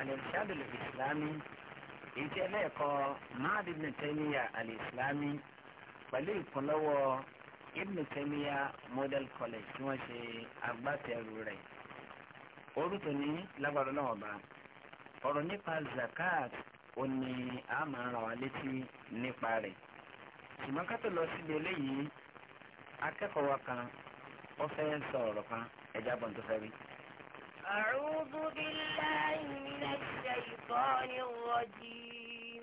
alẹ́ṣáàdù ìsìlámì èyí ẹlẹ́ẹ̀kọ́ máàdì ibn taymiya alìsìlámì pẹ̀lú ìkúnlọ́wọ́ ibn taymiya model college tí wọ́n ṣe agbátẹrù rẹ̀ orúkọ ní lágbàdo náà ọba ọ̀rọ̀ nípa zakat ó ní a máa ràn wá létí nípa rẹ̀ ṣùgbọ́n ká tó lọ síbi eléyìí akẹ́kọ̀ọ́ wa kan ó fẹ́ sọ ọ̀rọ̀ kan ẹ̀já bọ̀ tó fẹ́ rí. أعوذ بالله من الشيطان الرجيم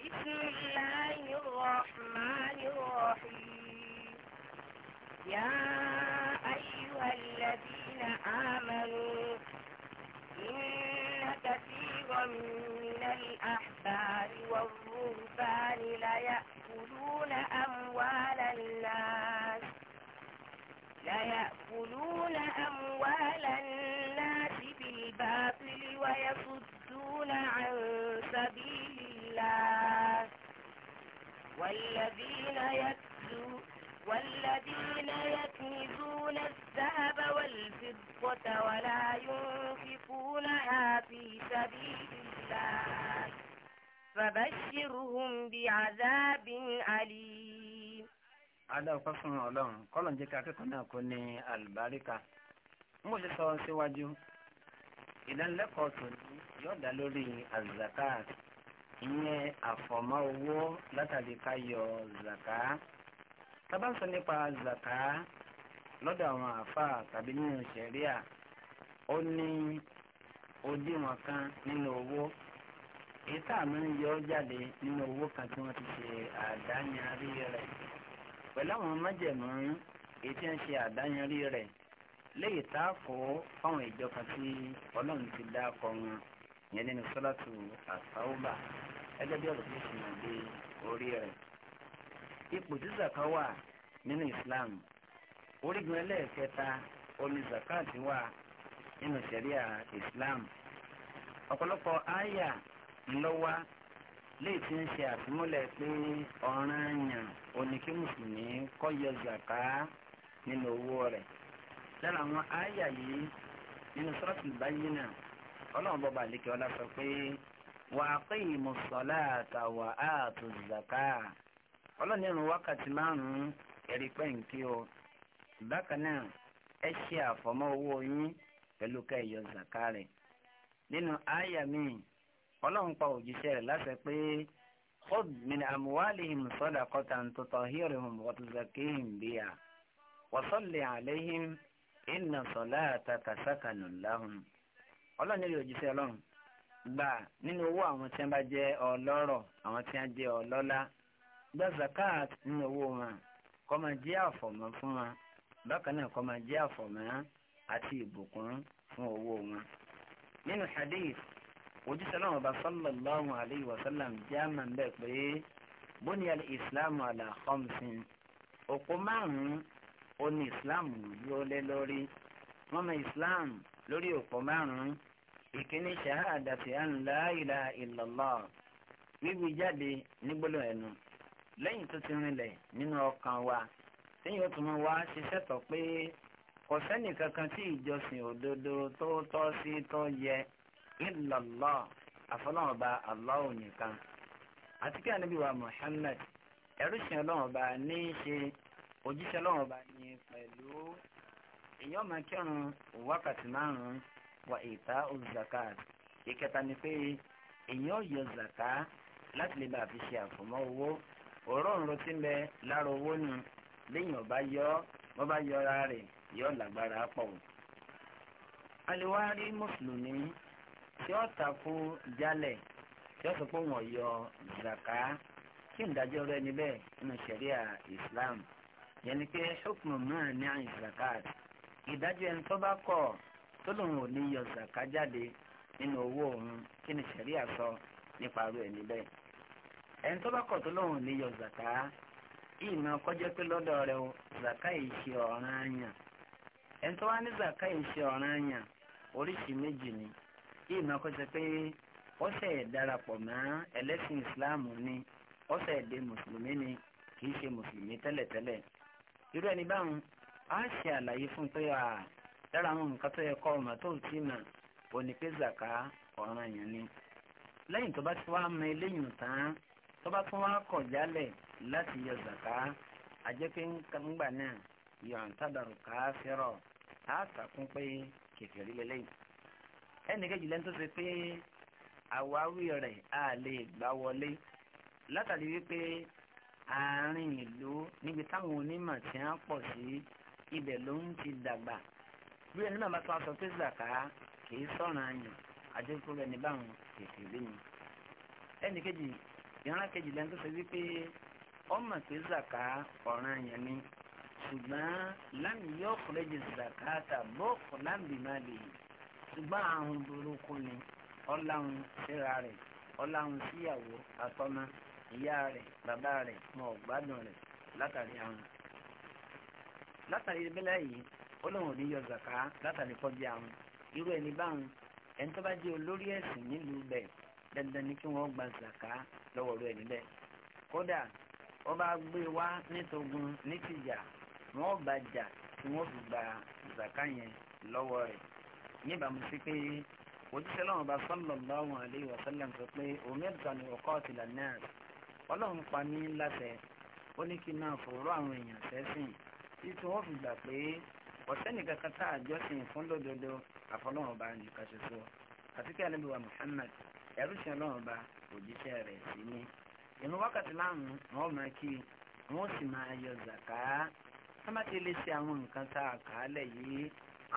بسم الله الرحمن الرحيم يا أيها الذين آمنوا إن كثيرا من الأحبار والرهبان ليأكلون أموال الناس ليأكلون أموال الناس بالباطل ويصدون عن سبيل الله والذين يكتون والذين يكنزون الذهب والفضة ولا ينفقونها في سبيل الله فبشرهم بعذاب أليم adáwọ̀pá fún ọlọ́run kọ́lọ̀ ń jẹ́ ká akẹ́kọ̀ọ́ náà kó ní àlùbáríkà ń bó ṣe sọ síwájú ìdánilẹ́kọ̀ọ́ tòní yóò dá lórí azakat ìyẹn àfọ̀mọ́ owó látàrí ká yọ zaka tábà ń sọ nípa zaka lọ́dọ̀ àwọn àáfàá tàbí nínú ṣẹ̀ríà ó ní òdiwọ̀n kan nínú owó èyí tá a ń yọ jáde nínú owó kan tí wọ́n ti ṣe àdáyanrí rẹ̀ pẹ̀lú àwọn májẹ̀mú ètí ń ṣe àdáyanrí rẹ̀ léyìí tá a kó fáwọn ìjọ kan tí ọlọ́run ti dá kọ wọn yẹn nínú sọ́làtù àsáwùbà ẹgbẹ́ bí ọ̀rọ̀ tó sì máa dé orí rẹ̀. ipò tí zaka wà nínú Islam orígun ẹlẹ́ẹ̀kẹta omi zakat wà nínú sẹ̀ríà Islam ọ̀pọ̀lọpọ̀ àyà ńlọ́wọ́ léè tí ń ṣe àfimúlẹ̀ pé ọ̀ranyàn òní kí mùsùlùmí kó yọ zàká nínú owó rẹ̀ lára àwọn àyà yìí nínú sọ́ọ̀tì báyìí náà ọlọ́run bọ́ba àlékè ọlá sọ pé wa aqimu ssalata wa atu zaka ọlọ́run nínú wákàtí márùn-ún ẹ̀rí pẹ́ǹkì o bákan náà ẹ ṣe àfọ̀mọ́ owó yín pẹ̀lú ká ẹ zàká rẹ̀ nínú àyà míì ọlọ́run pa òjíṣẹ́ rẹ̀ láṣẹ pé khud min amwalihim sadaqatan tutahhiruhum wa tuzakkihim biha wa salli alayhim inna salataka sakanun lahum ọlọ́run nílò òjíṣẹ́ ọlọ́run gbà nínú owó àwọn tí wọ́n bá jẹ́ ọlọ́rọ̀ àwọn tí wọ́n jẹ́ ọlọ́lá gba zakat nínú owó wọn kó máa jẹ́ àfọ̀mọ́ fún wọn bákan náà kó máa jẹ́ àfọ̀mọ́ àti ìbùkún fún owó wọn nínú hadith òjíṣẹ́ náà ọba sallallahu alayhi wa sallam jẹ́ àmà ń bẹ̀ pé bóníyà ìsìláàmù àlà khamsin òpó márùn-ún ó ní ìsìláàmù yóò lé lórí wọ́n mọ ìsìláàmù lórí òpó márùn-ún ìkíní ṣahadati an la ilaha illallah wíwí jáde nígbóló ẹnu lẹ́yìn tó ti rinlẹ̀ nínú ọkàn wa sẹ́yìn ó tún mọ wá ṣiṣẹ́ tọ̀ pé kò sẹ́nì kankan tí ìjọsìn òdodo tó tọ́ sí tó yẹ ilàlá àfọlọ́wọ́ba aláwọ̀ nìkan àti kí ànábì wa Muhammad ẹ̀rú ṣe ọlọ́wọ́ba ní í ṣe òjíṣẹ́ ọlọ́wọ́ba ní pẹ̀lú èyí ọmọ kírun wákàtí márùn-ún wa ìta òzàká ìkẹta ni pé èyí ó yọ zàká láti lè bá a fi ṣe àfọmọ́ owó òróǹro tí ń bẹ lára owó nù lẹ́yìn ọba yọ wọ́n bá yọra rẹ̀ yọ lágbára pọ̀. aliwari mùsùlùmí tí ó takú jálẹ̀ tí ó sọ pé wọ́n yọ zaka kí ìdájọ́ rẹ̀ níbẹ̀ nínú ṣẹ̀ríà Islam yẹn ni pé ṣùkùnmù náà ní àyìn zaka ìdájọ́ ẹni tó bá kọ̀ tó lòun ò ní yọ zaka jáde nínú owó òun kí ni ṣẹ̀ríà sọ nípa aró ẹ̀ níbẹ̀ ẹni tó bá kọ̀ tó lòun ò ní yọ zaka ìmọ̀ kọjá pé lọ́dọ̀ rẹ̀ o zaka yìí ṣe ọ̀ranyàn ẹni tó wá ní zaka yìí ṣe ọ̀ranyàn oríṣi méjì ni kí ìmọ̀ kọjá pé ọ̀sẹ̀ darapọ̀ mọ́ ẹlẹ́sìn ìsìláàmù ni ọ̀sẹ̀ èdè mùsùlùmí ni kì í ṣe mùsùlùmí tẹ́lẹ̀tẹ́lẹ̀ irú ẹni báwọn á ṣe àlàyé fún pé à lára àwọn nǹkan tó yẹ kọ́ ọmọ tó ti mà ò ní pé zàká ọ̀ràn yẹn ni lẹ́yìn tó bá ti wá mọ eléyìí tán tó bá tún wá kọ̀ jálẹ̀ láti yọ zàká àjẹpé ńgbà náà yọ̀ǹtàdàrú káfírọ̀ á kà fún pé kèfèrí lélẹ́yìn ẹnìkejì lẹ́nu tó ṣe pé àwáwí rẹ̀ á lè gbá wọlé látàrí wípé àárín ìlú níbi táwọn onímọ̀ tí wọ́n pọ̀ sí ibẹ̀ ló ń ti dàgbà bí ẹni náà bá tó aṣọ tó zàká kì í sọ̀rọ̀ àyàn àdínkù rẹ̀ ní báwọn kìkì rí ni. ẹnìkejì ìran kejì lẹ́nu tó ṣe wípé ọmọ pé zàká ọ̀ràn àyàn ni ṣùgbọ́n láàmì yóò kọ́lẹ́jì zàká tàbí ó kọ́ lè yìí ṣùgbọ́n àrùn burúkú ni ọ̀làwọn síra rẹ̀ ọ̀làwọn síyàwó àtọ́mọ ìyá rẹ̀ bàbá rẹ̀ mọ̀ ọ̀gbádùn rẹ̀ látàrí àrùn. látàrí ìbílẹ̀ yìí ó lóun ò ní yọ zàká látàrí kọjú àrùn irú ẹni báwọn ẹni tó bá jẹ́ olórí ẹ̀sìn nílùú bẹ̀ dandan ni kí wọ́n gba zàká lọ́wọ́ rẹ̀ níbẹ̀ kódà wọ́n bá gbé wá nítogun nítìjà wọ́n bá jà tí wọ́n fi gba zàká yẹn lọ́wọ́ rẹ̀ níbàámu sí pé òjíṣẹ́ lọ́wọ́n bá sallallahu alayhi wa sallam sọ pé umirtu an uqatila an-nas ọlọ́run pa mí láṣẹ ó ní kí n máa fòró àwọn èèyàn sẹ́sìn títí wọ́n fi gbà pé ọ̀sẹ́nìkan kan tá àjọsìn fún lódodo àfọlọ́wọ́n bá nìkan ṣoṣo àti kí alẹ́ bí wa Muhammad ẹrú sí ọlọ́run bá òjíṣẹ́ rẹ̀ sí ní ìrun wákàtí márùn-ún máa kí wọn sì máa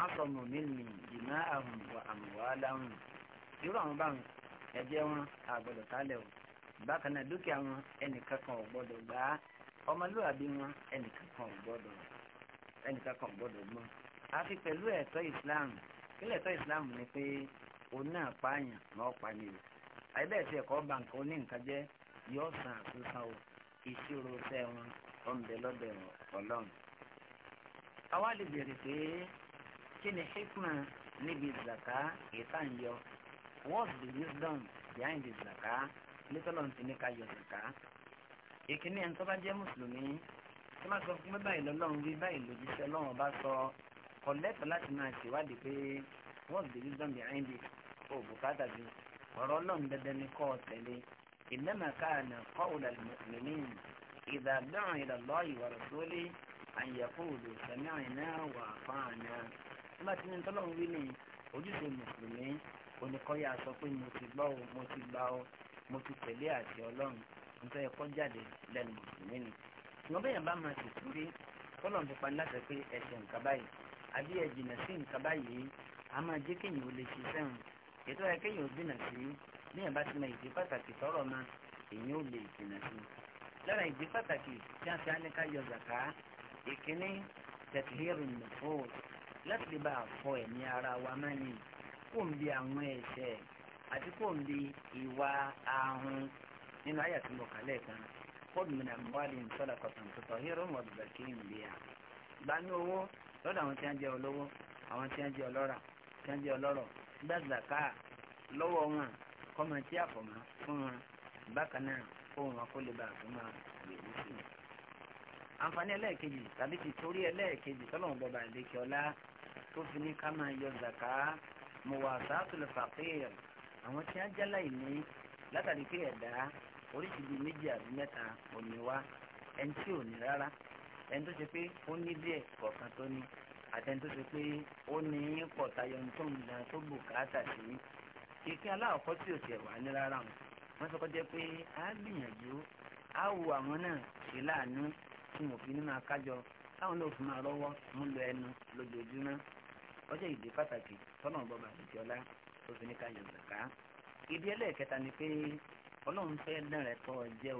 asọ̀mù mílì dìmá ahụ mbọ amụwa aláhùn irú àwọn báwọn ẹ̀jẹ̀ wọn àgbọ́dọ̀ kálẹ̀ o bákan náà dúkìá wọn ẹnìkan kan ò gbọ́dọ̀ ọmọlúwàbí wọn ẹnìkan kan ò ẹnìkan kan ò gbọ́dọ̀ gbọ́n àfi pẹ̀lú ẹ̀tọ́ ìsìláàmù kílẹ̀ ẹ̀tọ́ ni pé òun o nǹkan oní nǹkan yọ san àtúnṣan o ìṣirò àwa kí ni hikma níbi zaka ìtànyọ what's the wisdom behind the zaka lẹ́tọ́lọ́ ti ní ká yọ zaka ìkíní ẹni tó bá jẹ́ mùsùlùmí tí wọ́n sọ fún mi báyìí lọ́lọ́run wí báyìí lòjíṣẹ́ lọ́wọ́n bá sọ kọ̀lẹ́tọ̀ láti máa ṣèwádìí pé what's the wisdom behind it ó bùkátà ju ọ̀rọ̀ ọlọ́run dandan ní kọ́ tẹ̀lé ìnáma káàna kọ́ọ̀lá mùsùlùmí ìdàgbọ́n ìdàlọ́ ìwà rẹ̀ sólé àyẹ̀kọ́ òdò sẹ́mìnà wà fáànà ẹ bá ti ní tọ́lọ́run wí ní ojúṣe mùsùlùmí oníkọ́yà sọ pé mo ti gbọ́ o mo ti gbà o mo ti tẹ̀lé àti ọlọ́run nítorí ẹ̀kọ́ jáde lẹ́nu mùsùlùmí ni ṣùgbọ́n bẹ́ẹ̀ bá máa tètè rí tọ́lọ́run ti láti pé ẹ̀sẹ̀ nǹkan báyìí àbí ẹ̀jìnà sí nǹkan báyìí a máa jẹ́ kéèyàn ò lè ṣe sẹ́wọ̀n ètò ẹ̀ kéèyàn ò jìnà sí níyàn bá ti mọ ìdí pàtàkì tọ́rọ̀ ma èyàn ò lè jìnà sí lára ìdí pàtàkì tí a fi á zàká ìkíní tẹ̀tìhírù nìfọ́ọ̀tì láti lè bá àfọ ẹ̀mí ara wa mẹ́rin kò ń bi àwọn ẹ̀ṣẹ̀ àti kò ń bi ìwà ahun nínú àyà tí mo kà lẹ́ẹ̀kan fọ́ọ̀dù mi náà wà lóyún sọ́dà kọ̀tàn tuntun hírò wọn bìbà kí n bí a. gba ní owó lọ́dọ̀ àwọn tí wọ́n jẹ́ olówó àwọn tí wọ́n jẹ́ ọlọ́rà tí wọ́n jẹ́ ọlọ́rọ̀ gba zaka lọ́wọ́ wọn kọ́mọ tí àfọ̀mọ́ fún wọn bákan náà kó wọn kó lè bá àfọ̀mọ́ àgbègbè àǹfààní ẹlẹ́ẹ̀kejì tàbí ti torí ẹlẹ́ẹ̀kejì tọ́lọ́run bọba ìlékè ọlá tó fi ní ká máa yọ zàká muwasatul faqir àwọn tí wọ́n jálá ìní látàrí pé ẹ̀dá oríṣiríṣi méjì àbí mẹ́ta ò ní wá ẹni tí ò ní rárá ẹni tó ṣe pé ó ní díẹ̀ kọ̀ọ̀kan tó ní àtẹni tó ṣe pé ó ní pọ̀ tó ń gan tó bùkátà sí kíkín aláwọ̀kọ́ tí ò tiẹ̀ wà ní rárá wọn sọ pé á gbìyànjú á wo àwọn náà ṣe láàánú tí mo fi ní máa kájọ táwọn náà fi máa rọ́wọ́ mú lọ ẹnu ọjọ́ ìdí pàtàkì tọ́nà ọgbọ́n bàbá ìjọlá tó fi ní kájọ zàká ìdí ẹlẹ́ẹ̀kẹta ni pé ọlọ́run fẹ́ dán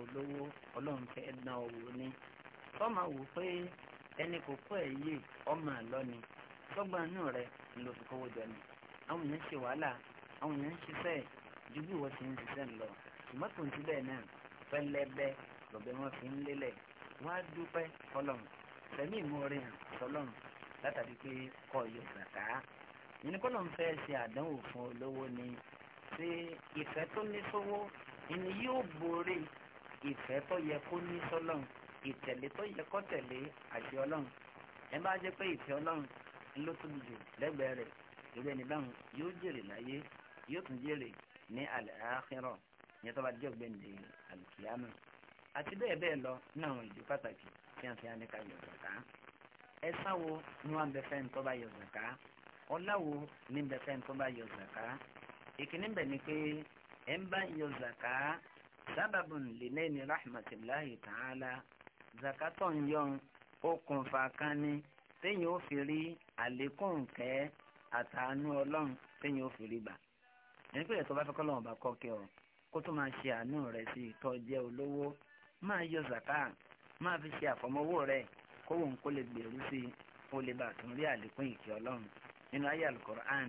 olówó ọlọ́run fẹ́ dán owó tọ́mà wò pé ẹni kò ẹ̀ yé ọmọ àlọ́ ni tọ́gbà inú ló fi kówó jọ ni àwọn èèyàn ṣe wàhálà àwọn èèyàn ju bí ìwọ ti ń ṣiṣẹ́ ń lọ ṣùgbọ́n ti bẹ́ẹ̀ náà wọ́n á dúpẹ́ fọlọ́n fẹ̀mí ìmúorin fọlọ́n látàrí pé kọ́ yóò zàká nínú kọ́lọ́n fẹ́ ṣe àdánwò fún olówó ni ṣé ìfẹ́ tó ní sówó ìní yóò borí ìfẹ́ tó yẹ kó ní sọ́lọ́n ìtẹ̀lé tó yẹ kó tẹ̀lé àṣẹ ọlọ́run ẹ bá jẹ́ pé ìfẹ́ ọlọ́run ló tóbi jù lẹ́gbẹ̀ẹ́ rẹ̀ irú ẹni báwọn yóò jèrè láyé yóò tún jèrè ní àlẹ́ àáxírọ̀ ní tó bá jẹ́ ògbẹ́ǹde àlùkìyámà àti bẹ́ẹ̀ bẹ́ẹ̀ lọ ní àwọn ìdí pàtàkì tí a fi hàn nípa yọ zàká ẹ̀san wo ni wọ́n bẹ fẹ́ ń tọ́ bá yọ zàká ọlá wo ni bẹ fẹ́ ń tọ́ bá yọ zàká ìkíní bẹ̀ ni pé ẹ̀ ń bá yọ zàká sábàbùn lìlẹ́ni rahmatullahi ta'ala zàká tó ń yọ okùnfà kan ni téèyàn ó fi rí àlékún kẹ́ àtàánú ọlọ́run téèyàn ó fi rí gbà ẹni pé ẹ̀tọ́ bá fẹ́ kọ́ lọ́wọ́ bá kọ́ kẹ́ ọ kó tó máa ṣe àánú rẹ̀ sí ìtọ́jẹ́ olówó máa yọ zaka máa fi ṣe àfọmọ́wọ́ rẹ kówó ń kó lè gbèrú sí i ó lè bàtún rí àlékún ìkẹ́ ọlọ́run nínú ayé alukur'an